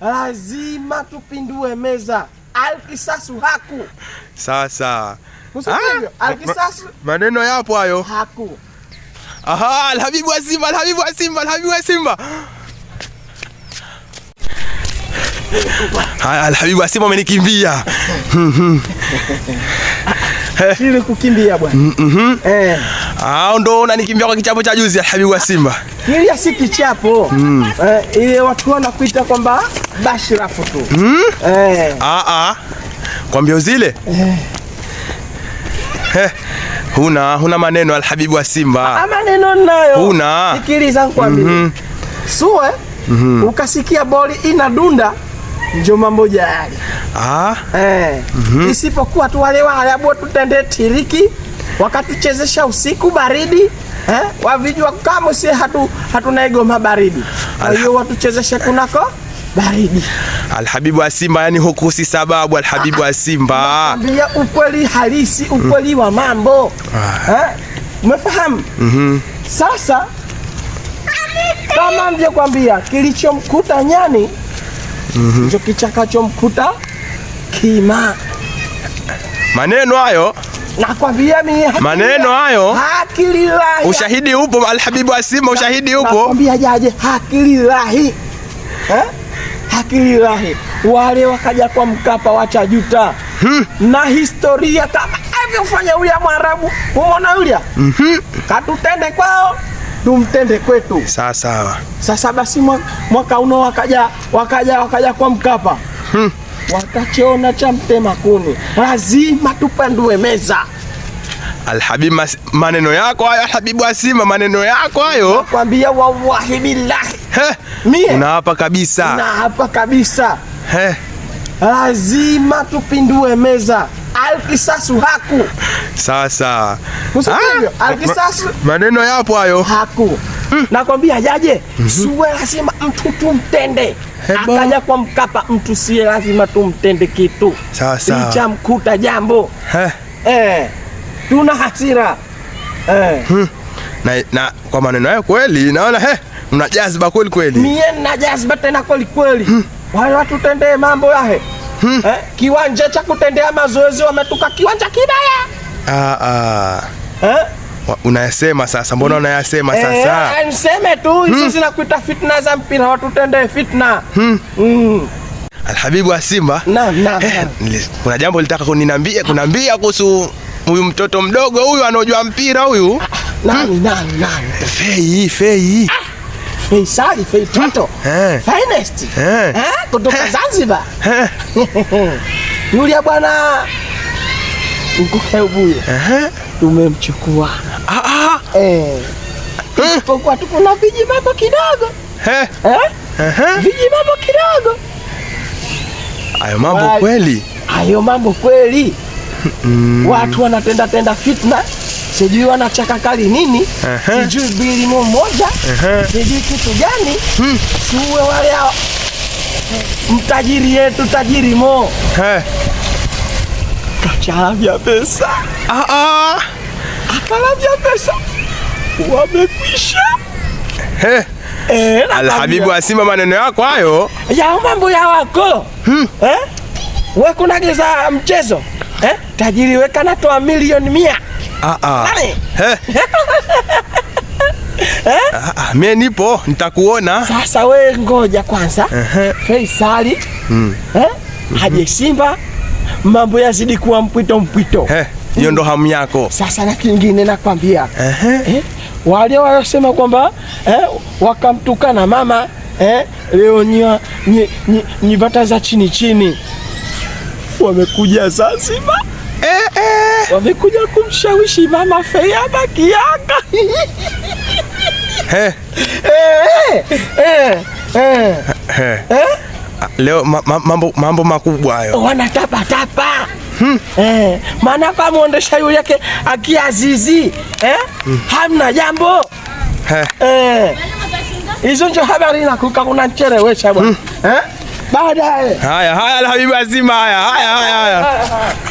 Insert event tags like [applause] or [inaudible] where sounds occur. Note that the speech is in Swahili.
Lazima tupindue meza. Alkisasu haku. Sasa. Ah! Alkisasu. Maneno yapo hayo. Haku. Aha, Alhabibu wa Simba, Alhabibu wa Simba, Alhabibu wa Simba. Haya, Alhabibu wa Simba amenikimbia. Ile kukimbia bwana. Mhm. Eh. Ah, ndo unanikimbia kwa kichapo cha juzi Alhabibu wa Simba. Kilia si kichapo mm. Eh, ile watu wanakuita kwamba bashirafu tu mm. Eh. Ah, ah. Kwa mbio zile eh. Eh. Huna huna maneno alhabibu wa Simba. Ah, ah, maneno ninayo. Huna. Sikiliza nikwambie. Mm -hmm. Suwe mm -hmm. Ukasikia boli inadunda ndio mambo yale. Ah. Eh. Mm -hmm. Isipokuwa tu wale wale ambao tutende tiriki wakatuchezesha usiku baridi eh, wavijua kama si hatu hatunaigoma baridi. Kwa hiyo watuchezeshe kunako baridi. Alhabibu wa Simba, yani hukusi sababu. Alhabibu wa Simba, ambia ukweli halisi, ukweli wa mambo ah. eh, umefahamu? mm -hmm. Sasa kama nivyokwambia, kilichomkuta nyani mhm. ndicho kichakachomkuta kima. Maneno hayo Nakwambia mimi maneno hayo, ushahidi upo. Alhabibu asima, ushahidi upo. Nakwambia jaje, hakililahi eh, hakililahi. Wale wakaja kwa Mkapa wachajuta hmm. na historia kama alivyofanya yule Mwarabu, umeona yule mm -hmm. katutende kwao tumtende kwetu. Sawa sawa. Sasa basi mwaka uno wakaja wakaja wakaja kwa Mkapa hmm watachona cha mtema kuni, lazima tupandue meza. Alhabibu, maneno yako hayo Alhabibu Asima, maneno yako hayo, kwambia wallahi billahi, mimi unaapa kabisa, naapa kabisa He. lazima tupindue meza Alkisasu haku sasa, ah, alkisasu maneno yapo hayo haku Hmm. Nakwambia jaje mm -hmm. lazima mtu tumtende Akaja kwa Mkapa mtu siye lazima tumtende kitu licha mkuta jambo eh, tuna hasira eh. hmm. Na, na kwa maneno hayo kweli naona he mna jazba kweli kweli. Mie na jazba tena kweli kweli hmm. Wale watu tendee mambo yahe hmm. eh, kiwanja cha kutendea mazoezi wametuka kiwanja kibaya ah, ah. Eh? unayasema sasa, mbona unayasema eh, sasa? Eh, niseme tu hizo hmm, zinakuita fitna za mpira, watu tende fitna hmm. Mm. Alhabibu wa Simba na, na, eh, na. Kuna jambo litaka kuninambia kunambia kuhusu huyu mtoto mdogo huyu anaojua mpira huyu nani, hmm. nani, nani. Fei, Fei. Ah. Fei Sali, Fei hmm. Toto. Eh. Finest. Hmm. Eh. Ha? Kutoka Zanzibar. [laughs] Yule bwana Mkuke Ubuye tumemchukua. Ah, Isipokuwa ah. eh. tuko na vijimambo kidogo eh? Eh? Vijimambo kidogo. Hayo mambo kweli, hayo mambo kweli. Watu wanatenda tenda fitna, sijui wanachaka kali nini, sijui bili mu moja, sijui kitu gani. Hmm. Siuwe wale mtajiri yetu tajiri mo kachavya pesa ah, ah. Kalavya pesa wamekwisha. He. Eh, Alhabibu asima maneno yako hayo ya mambo ya wako hmm. Eh? We kuna giza mchezo eh? Tajiri weka natoa milioni mia ah, ah. [laughs] Eh? Ah, ah, mie nipo nitakuona sasa. We ngoja kwanza Feisali uh -huh. hmm. mm -hmm. Eh? Haje Simba mambo yazidi kuwa mpwito mpwito eh hiyo ndo hamu yako sasa. Na kingine nakwambia, eh, wale wayosema kwamba eh, wakamtukana mama eh, leo nywa nyivata za chini chini wamekuja Zanzibar eh, eh, wamekuja kumshawishi mama Feya Kiaka eh. Eh, eh, eh, eh. Leo mambo mambo makubwa hayo, wanatapatapa Hmm. Eh, maana kwa mwondesha yule yake akiazizi eh? Hmm. Hamna jambo eh. hizo eh. Ndio habari na kuka kuna cherewesha bwana hmm. Eh? Baadaye haya haya la habibi azima haya haya haya, haya.